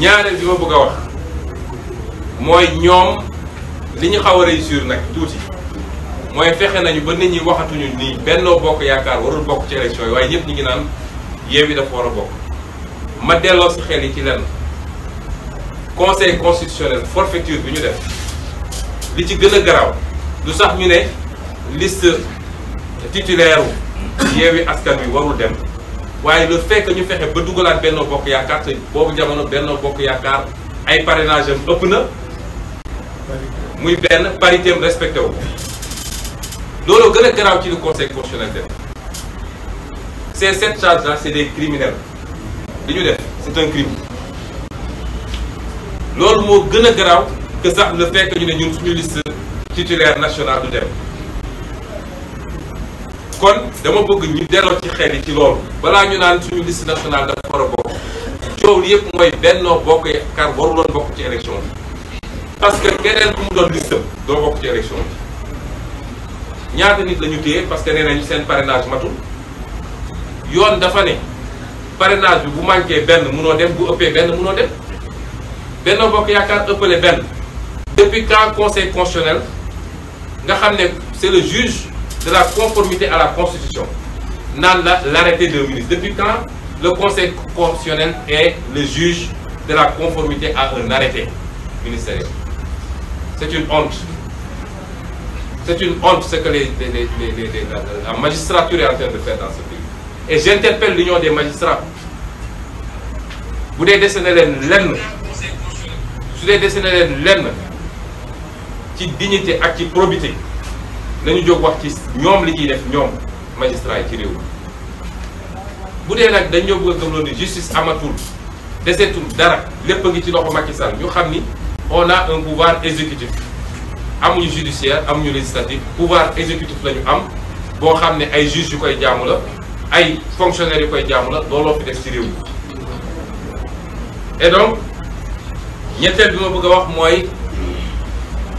ñaareel bi ma bëgg a wax mooy ñoom li ñu xaw a réussir nag tuuti mooy fexe nañu ba nit ñi waxatuñu nii Benno Bokk Yaakaar warul bokk ci élection yi waaye ñëpp ñi ngi naan Yewwi dafa war a bokk ma delloo si xel yi ci lenn conseil constitutionnel forfaiture bi ñu def li ci gën a garaaw lu sax ñu ne liste titulaire Yewwi Askan Wi warul dem waaye le fait ñu fexe ba dugalaat Benno Bokk Yaakaar te boobu jamono Benno Bokk Yaakaar ay parrainage am ëpp na muy benn parité am respecté wu loolu gën a garaaw ci le conseil constitutionnel def ces sept charges là c' est des li ñu def c' est un crime loolu moo gën a garaaw que sax le fait que ñu ne ñun suñu liste titulaire nationale du dem kon dama bëgg ñu delloo ci xel yi ci loolu balaa ñu naan suñu liste nationale dafa war a bokk coow li yëpp mooy Benno Bokk Yaakaar waru bokk ci élection bi parce que keneen ku mu doon listam doo bokk ci élection bi ñaata nit la téye parce que nee nañu seen parrainage matul yoon dafa ne parrainage bi bu manqué benn munoo dem bu ëppee benn munoo dem Benno Bokk Yaakaar ëppale benn depuis quand conseil constitutionnel nga xam ne c'est le juge de la conformité à la Constitution naan la l'arrêté d'un ministre depuis quand le conseil constitutionnel est le juge de la conformité à un arrêté ministériel c'est une honte c'est une honte ce que les, les, les, les la, la magistrature est en train de faire dans ce pays et j'interpelle l'union des magistrats bu dee dese na leen lenn su dee dese na leen ci dignité ak probité nañu jóg wax ci ñoom li ñuy def ñoom magistrat yi ci réew bu dee nag dañoo bëgg a gëmloo ni justice amatul desetul dara lépp a ngi ci loxo Macky Sall ñu xam ni on a un pouvoir exécutif amuñu judiciaire amuñu législatif pouvoir exécutif la am boo xam ne ay juges yu koy jaamu la ay fonctionnaires yu koy jaamu la looloo fi def ci réew et donc ñetteel bi ma bëgg wax mooy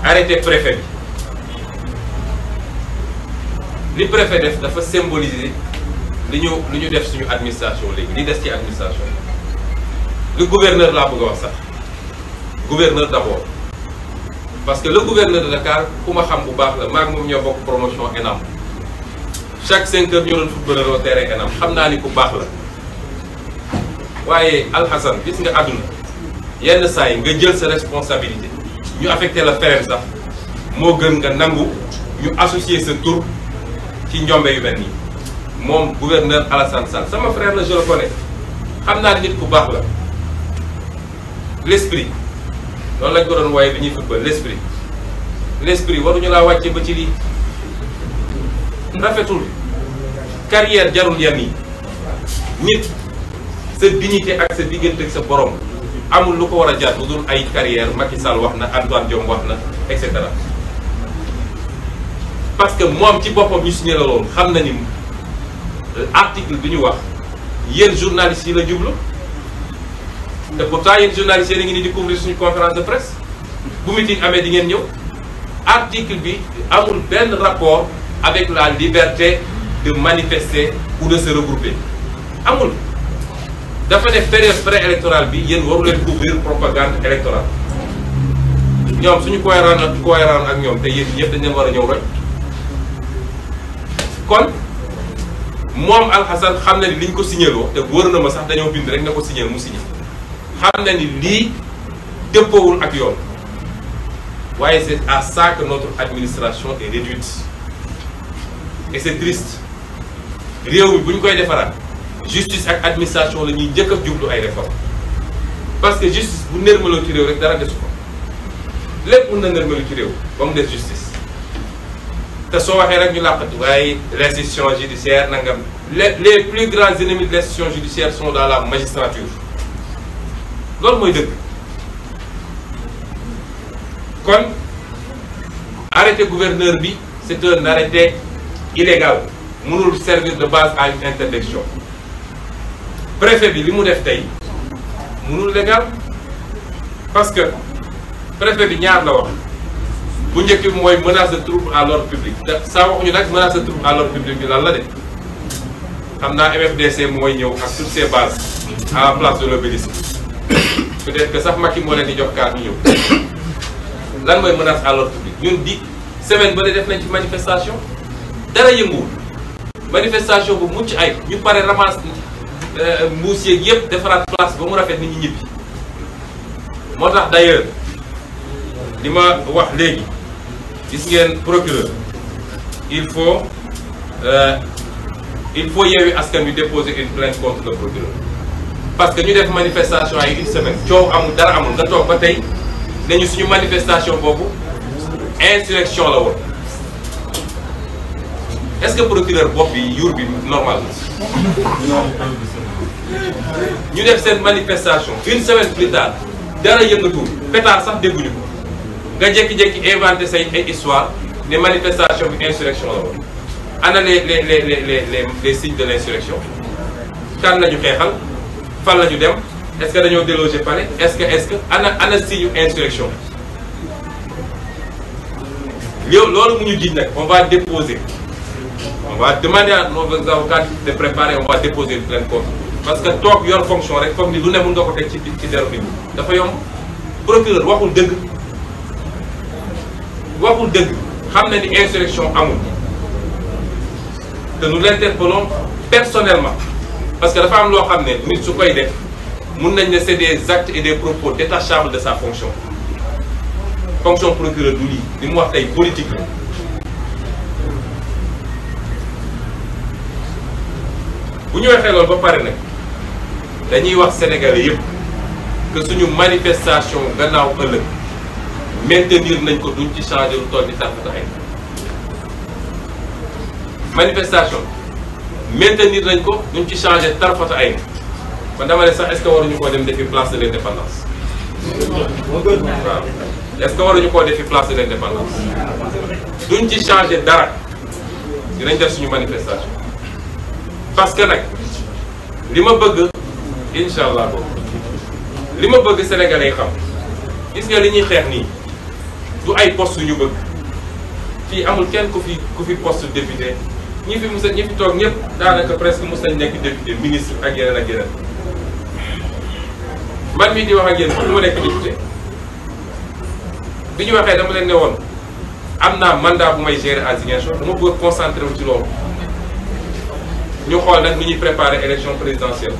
arrêté préfet li préfet def dafa symboliser li ñu li ñu def suñu administration léegi li des ci administration le gouverneur laa bëgg a wax sax gouverneur d'abord parce que le gouverneur de Dakar ku ma xam bu baax la maag moom ñoo bokk promotion ENAM chaque cinq heures ñu doon footballeur au ENAM xam naa ni ku baax la waaye alxasan gis nga àdduna yenn saa yi nga jël sa responsabilité ñu affecté la feneen sax moo gën nga nangu ñu associer sa tur ci njombe yu mel nii moom gouverneur Alassane Sall sama frère la je le connais xam naa nit ku baax la l'esprit loolu lañ ko doon wooye bi ñuy football l'esprit l'esprit waruñu laa wàcce ba ci lii rafetul carrière jarul yan yi nit sa dignité ak sa diggante ak sa borom amul lu ko war a jar lu dul ay carrière Macky Sall wax na Antoine Diome wax na et cetera parce que moom ci boppam ñu signé la loolu xam na ni article bi ñu wax yéen journalistes yi la jublu te pourtant yéen journalistes yi ngi ni di couvrir suñu conférence de presse bu meeting amee di ngeen ñëw article bi amul benn rapport avec la liberté de manifester ou de se regrouper amul dafa ne période pré-électorale bi yéen waru leen couvrir propagande électorale ñoom suñu cohérent ak cohérent ak ñoom te yéen ñëpp dañ leen war a ñëw rek kon moom alxasan xam na ni liñ ko signéloo te wóor na ma sax dañoo bind rek na ko signél mu signé xam na ni lii dëppoowul ak yoon waaye c'est à ça que notre administration est réduite et c'est triste réew mi bu ñu koy defaraat justice ak administration la ñuy njëkk jublu ay réforme parce que justice bu nërmaloo ci réew rek dara desu ko lépp mun na nërmalu ci réew ba mu des justice te soo waxee rek ñu làqatu waaye l'institution judiciaire nangam les les plus grands ennemis de l'institution judiciaire son dans la magistrature loolu mooy dëgg kon arrêté gouverneur bi c'est un arrêté illégal mënul service de base à une interdiction préfet bi li mu def tey mënul légal parce que préfet bi ñaar la wax bu njëkk mooy menace de trouble à l'ordre public saa waxuñu nag menace de trouble à l'ordre public bi lan la de xam naa MFDC mooy ñëw ak toutes ses bases à la place de l'obélisque peut-être que sax Macky moo leen di jox kaar ñu ñëw lan mooy menace à l'ordre public ñun di semaine ba de def nañ ci manifestation dara yënguwul manifestation bu mucc ay ñu pare ramasse euh, mbuus yeeg yëpp defaraat place ba mu rafet nit ñi ñibbi moo tax d'ailleurs li ma wax léegi gis ngeen procureur il faut euh, il faut yeewi askan wi déposer une plainte contre le procureur parce que ñu def manifestation ay une semaine coow amul dara amul nga toog ba tey nañu suñu manifestation boobu insurrection la woon est-ce que procureur bopp bi yuur bi normal ñu def seen manifestation une semaine plus tard dara yëngatuwul pétard sax dégguñu ko nga jékki-jékki inventé say ay histoire ne manifestation bi insurrection la woon ana les les les les les les signes de l' insurrection kan la ñu xeexal fan la ñu dem est ce que dañoo délogé palais est ce que est ce que ana ana signe insurrection yow loolu mu ñu jiiñ nag on va déposer on va demander à nos avocats de préparer on va déposer une plainte parce que toog yor fonction rek foog ni lu ne mën nga ko teg ci ci deru bi dafa yomb procureur waxul dëgg waxul dëgg xam na ni insurrection amul te nous l'interpellons personnellement parce que dafa am loo xam ne nit su koy def mun nañ ne c'est des actes et des propos détachables de sa fonction fonction procureur du lii li mu wax tey politique la bu ñu waxee ba pare nag dañuy wax sénégalais yëpp que suñu manifestation gannaaw ëllëg maintenir nañ ko duñ ci changé lu toll ni tàmbali ay manifestation maintenir nañ ko duñ ci changé tarfata ay man dama ne sax est-ce que waruñu koo dem defi place de l'indépendance waaw est-ce que waruñu koo defi place de l'indépendance duñ ci changé dara dinañ def suñu manifestation parce que nag li ma bëgg incha allah boobu li ma bëgg sénégalais yi xam gis nga li ñuy xeex nii du ay poste ñu bëgg fii amul kenn ku fi ku fi poste député ñi fi musa ñi fi toog ñëpp daanaka presque musa nekk député ministre ak yeneen ak yeneen man mii di wax ak yéen pour mu nekk député bi ñu waxee dama leen ne woon am naa mandat bu may gérer à Ziguinchor dama bëgg concentré wu ci loolu ñu xool nag mi ñuy préparer élection présidentielle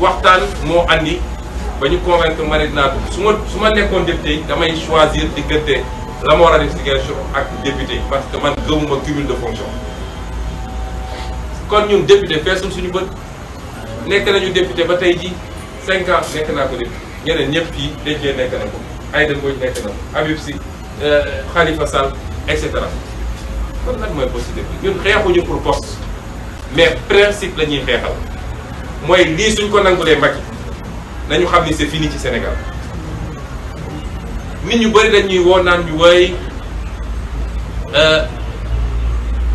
waxtaan moo andi ba ñu convaincre ma ne dinaa dugg su ma su ma nekkoon député damay choisir diggante la ma a def Ziguinchor ak député parce que man gëmuma cumul de fonction kon ñun député feesul suñu bët nekk nañu député ba tey ji cinq ans nekk naa ko député ñeneen ñëpp fii déjee nekk na ko Aïda Mbodj nekk na ko Habib Sy euh, Khalifa Sall et cetera kon nag mooy poste député ñun xeexuñu pour poste mais principe la ñuy xeexal mooy lii suñ ko nangu mag Macky nañu xam ni c'est fini ci Sénégal nit ñu bëri dañuy woo naan ñu woy euh,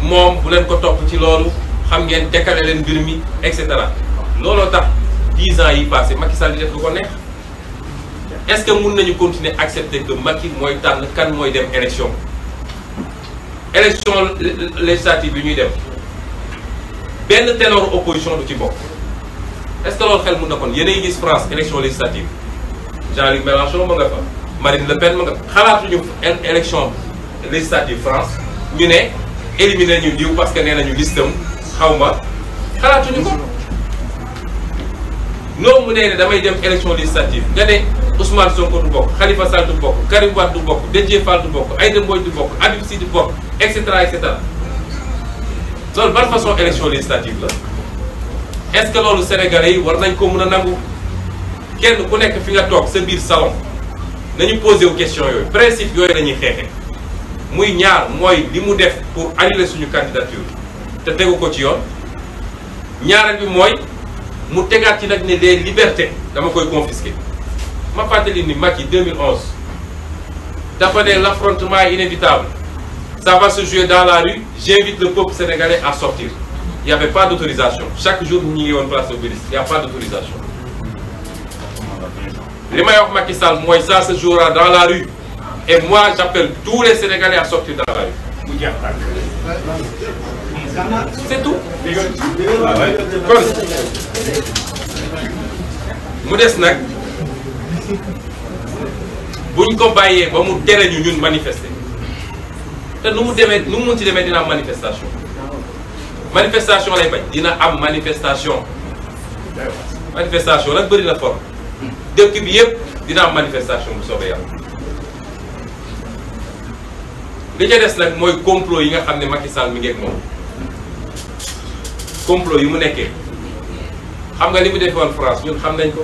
moom bu leen ko topp ci loolu xam ngeen décalé leen mbir mi et cetera looloo tax dix ans yi passé Macky Sall di def lu ko neex est-ce que mun nañu continuer accepter que Macky mooy tànn kan mooy dem élection élection législative bi ñuy dem benn ténor opposition du ci bokk est-ce que loolu xel mun na kon yéenay gis France élection législative Jean-Luc Mélenchon ma nga fa Marine Le Pen ma nga fa xalaatuñu élection législative France ñu ne éliminer ñu diw parce que nee nañu listam xaw ma xalaatuñu ko noo mu nee ne damay dem élection législative nga ne Ousmane Sonko du bokk Khalifa Sall du bokk Karim du bokk Déthié Fall du bokk Aïda Mbodj du bokk Habib Sy du bokk et cetera et cetera loolu ban façon élection législative la est-ce que loolu sénégalais yi war nañ ko mën a nangu kenn ku nekk fi nga toog sa biir salon nañu posé wu question yooyu principe yooyu lañuy xeexee muy ñaar mooy li mu def pour annuler suñu candidature te tegu ko ci yoon ñaareel bi mooy mu tegaat ci nag ni les libertés dama koy confisquer ma fàttali ni Macky 2011 dafa ne l'affrontement est inévitable ça sa se jouer dans la rue j'invite le peuple sénégalais à sortir il n'y avait pas d'autorisation chaque jour ñu ngi woon place Obélisque il a pas d'autorisation li may wax Macky Sall mooy sa se jouera dans la rue et moi j'appelle tous les Sénégalais à sortir dans la rue c'est tout kon mu des nag buñ ko bàyyee ba mu tere ñu ñun manifester te nu mu demee nu mu mun ci demee dina am manifestation manifestation lay bañ dina am manifestation manifestation nag bëri na forme dëkk bi yëpp dina am manifestation bu soobee yàlla li ca des nag mooy complot yi nga xam ne Macky Sall mi ngeeg moom complot yi mu nekkee xam nga li mu defee woon France ñun xam nañ ko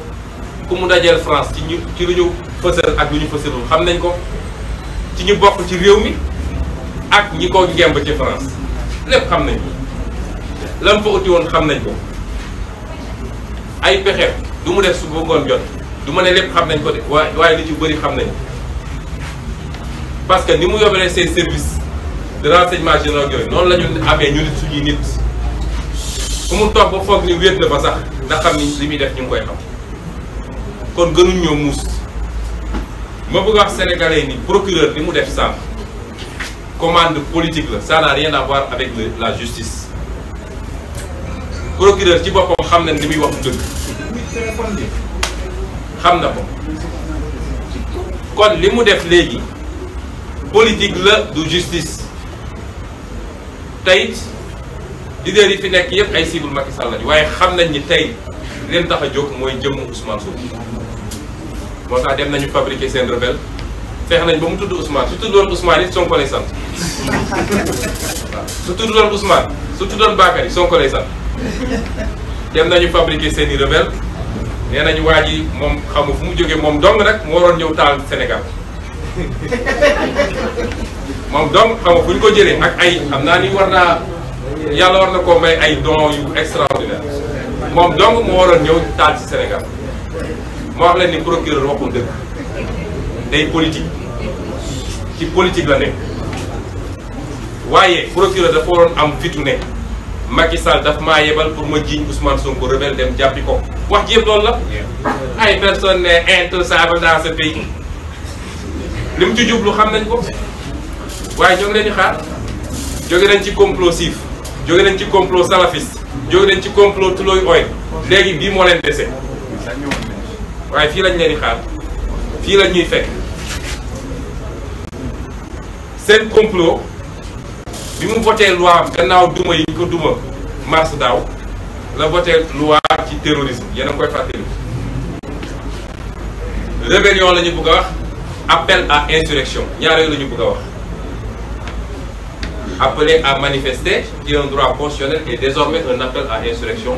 ku mu dajeel France ci ñu ci lu ñu fësal ak lu ñu fësalul xam nañ ko ci ñu bokk ci réew mi ak ñi ko ngemb ci France lépp xam nañ lan fa uti woon xam nañ ko ay pexe du mu def su bëggoon jot du ma ne lépp xam nañ ko de waaye waaye li bëri xam nañ parce que ni mu yobalee ses services de renseignement généraux yooyu noonu la ñu amee ñu nit suñuy nit ku mu toog ba foog ni wéet na ba sax ndax xam ni li muy def ñu ngi koy xam kon gënuñu ñoo muus ma bëgg wax sénégalais ni procureur li mu def sàmm commande politique la ça n'a rien à voir avec la justice procureur ci boppam xam na li muy wax dëgg xam na ko kon li mu def léegi politique la du justice tey leader yi fi nekk yëpp ay cible Macky Sall lañu waaye xam nañ ni tey leen tax a jóg mooy jëmm Ousmane Sonko moo tax dem nañu fabriquer seen rebelle feex nañ ba mu tudd Ousmane su tuddoon Ousmane it Sonko lay sant waaw su tuddoon Ousmane su tuddoon Bakary Sonko lay sant dem nañu fabriquer seen i rebelle nee nañu waa ji moom xamu fu mu jógee moom dong nag moo waroon ñëw taal Sénégal moom dong xamu fu ñu ko jëlee ak ay xam naa ni war naa yàlla war na koo may ay don yu extraordinaire moom dong mu waroon ñëw taal ci senegal moo wax leen ni procureur waxul dëgg day politique ci politique la nekk waaye procureur dafa waroon am fitu ne Macky Sall daf maa yebal pour ma jiiñ Ousmane Sonko rebelle dem jàppi ko wax ji lool loolu la. ay personne n'est intouchable dans ce pays. li mu ci jublu xam nañ ko waaye ñoo ngi leen di xaar jóge nañ ci complot siif jóge nañ ci complot salafiste jóge nañ ci complot tulooy ooy léegi bii moo leen dese waaye fii lañ leen di xaar fii la ñuy fekk seen complot. bi mu voté loi am gannaaw duma yi ko duma mars daaw la voté loi ci terrorisme yéen a koy fàttali. rébellion la ñu bëgg a wax appel à insurrection ñaar yooyu la ñu bëgg wax appelé à manifester qui est un droit constitutionnel et désormais un appel à insurrection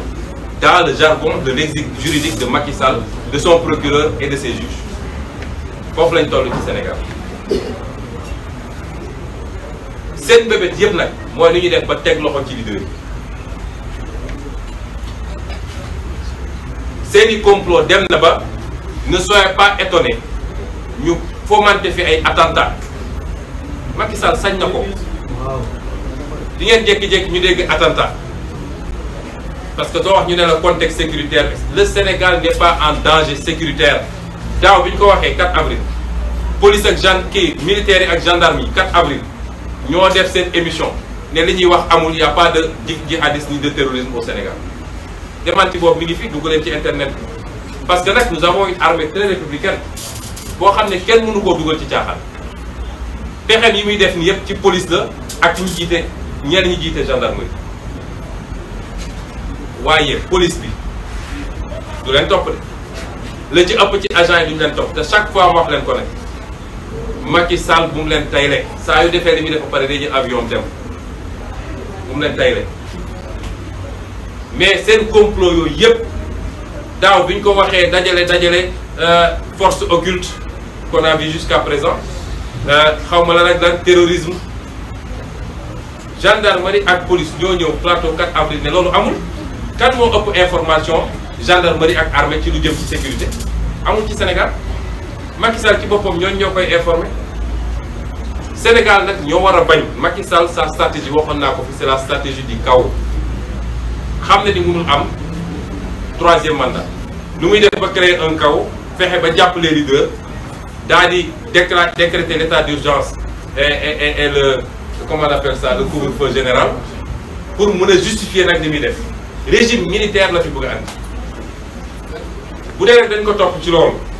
dans le jargon de lexique juridique de Macky Sall de son procureur et de ses juges foofu lañ toll ci Sénégal. seen mbébét yëpp nag mooy nu ñuy def ba teg loxo ci leader yi seeni complot dem na ba ne soyez pas étonnés ñu fomenté fi ay attentat Macky Sall sañ na ko di ngeen jékki-jékki ñu dégg attentat parce que doo wax ñu nee la contexte sécuritaire le Sénégal n'est pas en danger sécuritaire daaw bi ñu ko waxee 4 avril police ak gen kii militaire yi ak gendarme yi 4 avril ñoo def seen émission ne li ñuy wax amul y' a pas de jihadisme ni de terrorisme au Sénégal démenti boobu mi ngi fi dugg leen ci internet parce que nag nous avons une armée très républicaine boo xam ne kenn mënu koo dugal ci caaxaan pexeem yi muy def ni yëpp ci police la ak ñu jiite ñenn ñi jiite gendarmerie waaye police bi du leen topp de la ci ëpp ci agent yi duñu leen topp te chaque fois wax leen ko nag Macky Sall bu mu leen tayle saa yu defee li muy def pare day jël avion dem bu mu leen tayle mais seen complot yooyu yëpp daaw bi ñu ko waxee dajale dajale euh, force occulte qu'on a vu jusqu'à présent euh, xaw ma la nag lan terrorisme gendarmerie ak police ñoo ñëw plateau 4 avril ne loolu amul kan moo ëpp information gendarmerie ak armée ci lu jëm ci sécurité amul ci Sénégal Macky Sall ci boppam ñooñu ñoo koy informé Sénégal nag ñoo war a bañ Macky Sall sa stratégie waxoon naa ko fi c'est la stratégie du chaos xam ne ni mënul am troisième mandat nu muy def ba créer un chaos fexe ba jàppale leader daal di décra décréter l'état d'urgence et et et le comment on appelle ça le couvre général pour mën a justifier nag ni muy def régime militaire la fi bëgg a andi bu dee rek dañ ko topp ci loolu.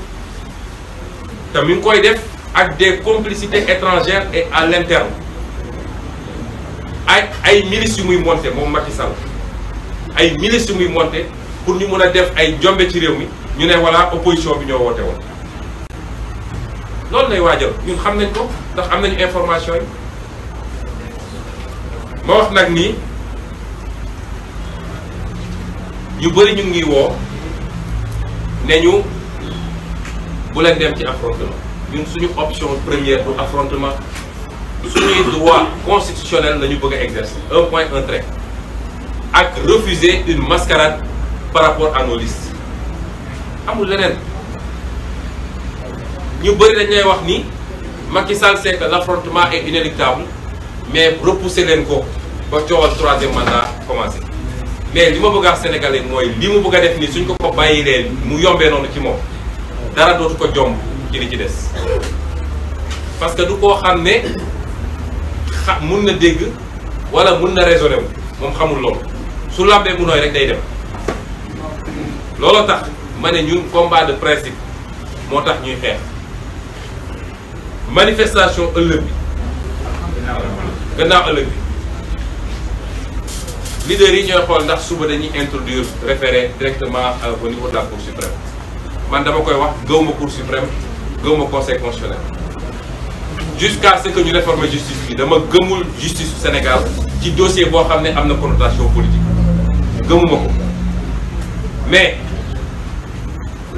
tamit mi koy def ak des complicités étrangères et à l'interne ay ay milices yu muy monté moom Macky Sall ay milices yu muy monté pour ñu mën a def ay jombe ci réew mi ñu ne voilà opposition bi ñoo woote woon loolu lay waajal ñun xam nañ ko ndax am nañu information yi ma wax nag nii yu bëri ñu ngi woo ne ñu bu leen dem ci affrontement ñun suñu option première du affrontement suñuy droit constitutionnel la ñu bëgg a exercer un point un trait ak refuser une mascarade par rapport à nos amul leneen ñu bëri dañ lay wax ni ma Sall sait que l' affrontement est inéluctable mais repousser leen ko ba coowal troisième mandat commencé mais li ma bëgg a mooy li mu bëgg def nii suñ ko ko bàyyi leen mu yombee noonu ci moom dara dootu ko jomb ci li ci des parce que du koo xam ne xa mun na dégg wala mun na raisonné wu moom xamul loolu su làmbee mu nooy rek day dem looloo tax ma ne ñun combat de principe moo tax ñuy xeex manifestation ëllëg bi gannaaw ëllëg bi leaders yi ñooy xool ndax suba dañuy introduire référé directement au niveau de la cour man dama koy wax gëw ma cour suprême gëw ma conseil constitutionnel jusqu'à ce que ñu réformer justice bi dama gëmul justice Sénégal ci dossier boo xam ne am na connotation politique gëmuma ko mais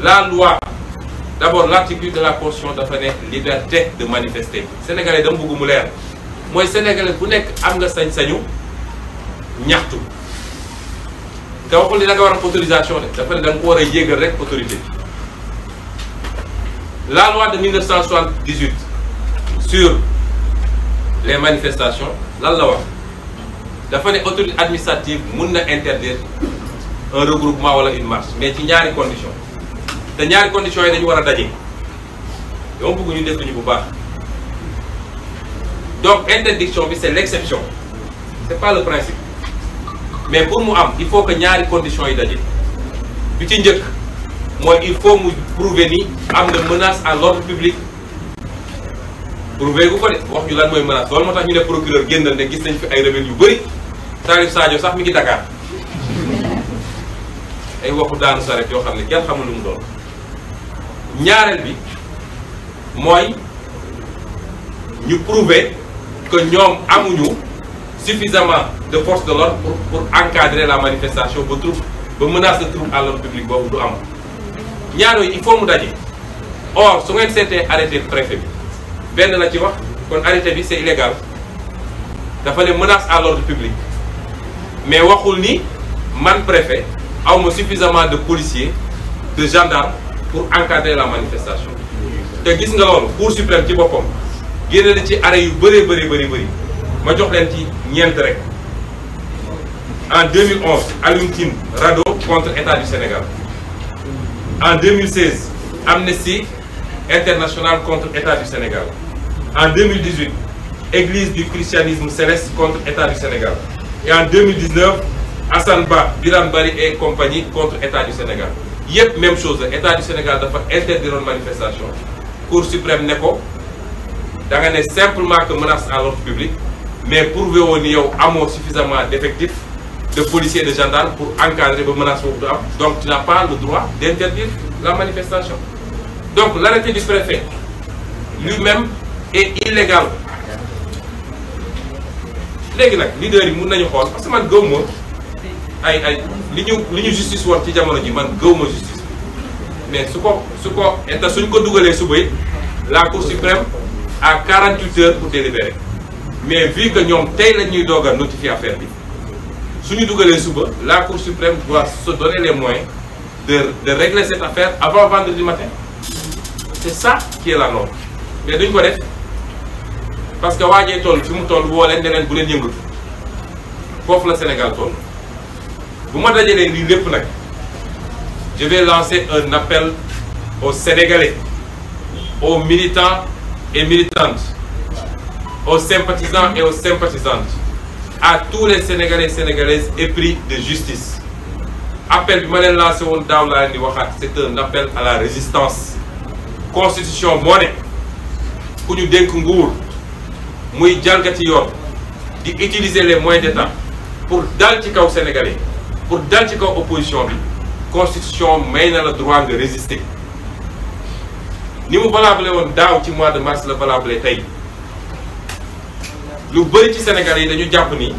la loi d'abord l'article de la constitution dafa ne liberté de manifester sénégalais dama bëgg mu leer mooy sénégalais bu nekk am nga sañ-sañu ñaxtu te waxul ni da war a autorisation de dafa ne da ko war a yéegal rek autorité la loi de 1978 sur les manifestations lan la wax dafa ne autorité administrative mun na interdire un regroupement wala une marche mais ci ñaari condition te ñaari conditions yi dañu war a daje dama bëgg ñu def ñu bu baax donc interdiction bi c'est l'exception c'est pas le principe mais pour mu am il faut que ñaari conditions yi daje bi ci njëkk mooy il faut mu prouver ni am na menace à l'ordre public prouver gu ko de wax ñu lan mooy menace loolu moo tax ñu ne procureur génnal ne gis nañ fi ay rebelle yu bëri Salif Sadio sax mi ngi Dakar ay waxu daanu saret yoo xam ne kenn xamul lu doon ñaareel bi mooy ñu prouver que ñoom amuñu suffisamment de force de l'ordre pour pour encadrer la manifestation ba trouble ba menace de trouble à l'ordre public boobu du am ñaar yooyu il faut mu daje or su ngeen seetee arrêté préfet bi benn la ci wax kon arrêté bi c'est illégal dafa ne menace à l'ordre public mais waxul ni man préfet aw ma suffisamment de policiers de gendarmes pour encadrer la manifestation te gis nga loolu Cour suprême ci boppam génne la ci arrêt yu bëree bëri bëri bëri ma jox leen ci ñeent rek en 2011 Alioune Tine Rado contre État du Sénégal en 2016 Amnesty International contre État du Sénégal en 2018 Église du christianisme céleste contre État du Sénégal et en 2019 Assane Ba Birane Bari et compagnie contre État du Sénégal yëpp même chose la État du Sénégal dafa interdiroon manifestation Cour suprême ne ko da nga ne simplement que menace à l'ordre public mais prouvé woon ni yow amoo suffisamment d'effectifs de policiers et de gendarmes pour encadrer ba menace boobu du am donc tu n'as pas le droit d'interdire la manifestation donc l'arrêté du préfet lui-même est illégal léegi nag leader yi mun nañu xool parce que man gëw ma ay ay li ñu li ñu justice woon ci jamono ji man gëw ma justice mais su ko su ko état suñ ko dugalee suba it la cour suprême a 48 heures pour délibérer mais vu que ñoom tey la ñuy doog a notifier affaire bi su ñu dugalee suba la cour suprême doit se donner les moyens de de régler cette affaire avant vendredi matin c' est ça la norme mais duñ ko def parce que waajee toll fi mu toll woo leen ne leen bu leen yëngatu foofu la Sénégal toll bu ma dajalee lii lépp nag je vais lancer un appel aux Sénégalais aux militants et militantes aux sympathisants et aux sympathisantes à tous les sénégalais sénégalaises épris de justice appel bi ma leen lancé woon daaw laa leen di waxaat c'est un appel à la résistance constitution moo ne ku ñu dénk nguur muy jalgati yoon di utiliser les moyens d'état pour dal ci kaw sénégalais pour dal ci kaw opposition bi constitution may na la droit nga résister ni mu valable woon daaw ci mois de mars la valable tey lu bëri ci Sénégalais yi dañu jàpp ni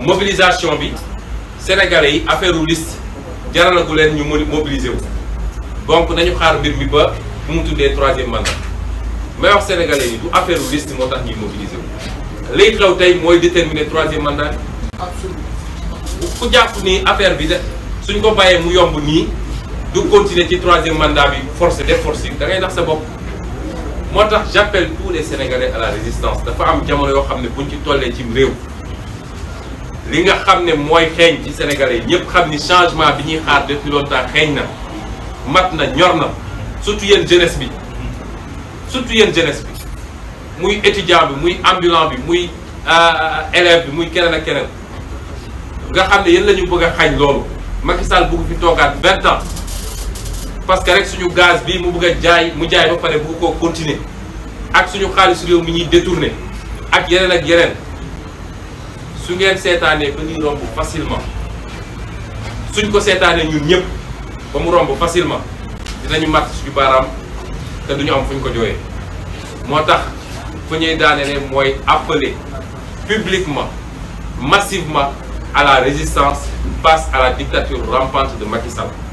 mobilisation bi Sénégalais yi affaire u liste leen ñu mobiliser wu donc nañu xaar mbir mi ba mu tuddee troisième mandat may wax Sénégalais yi du affaire u liste moo tax ñuy mobiliser wu liy xew tey mooy déterminer troisième mandat bi ku jàpp nii affaire bi de suñ ko bàyyee mu yomb nii du continuer ci troisième mandat bi forcé def forcé da ngay nax sa bopp moo tax j'appelle tous les sénégalais à la résistance dafa am jamono yoo xam ne buñ ci tollee ci réew li nga xam ne mooy xeeñ ci sénégalais ñëpp xam ni changement bi ñuy xaar depuis xeeñ na mat na ñor na surtout yéen jeunesse bi surtout yéen jeunesse bi muy étudiant bi muy ambulant bi muy euh, élève bi muy keneen ak keneen nga xam ne yéen lañu bëgg a xañ loolu Macky Sall bëgg fi toogaat vingt ans parce que rek suñu gaz bi mu bugg a jaay mu jaay ba pare bëgg koo continuer ak suñu xaalis réew mu ñuy détourné ak yeneen ak yeneen su ngeen seetaanee ba ñuy romb facilement suñ ko seetaanee ñun ñëpp ba mu romb facilement dinañu màtt suñu baaraam te duñu am fu ñu ko jooyee moo tax fu ñuy daanelee mooy appeler publiquement massivement à la résistance face à la dictature rampante de Macky Sall.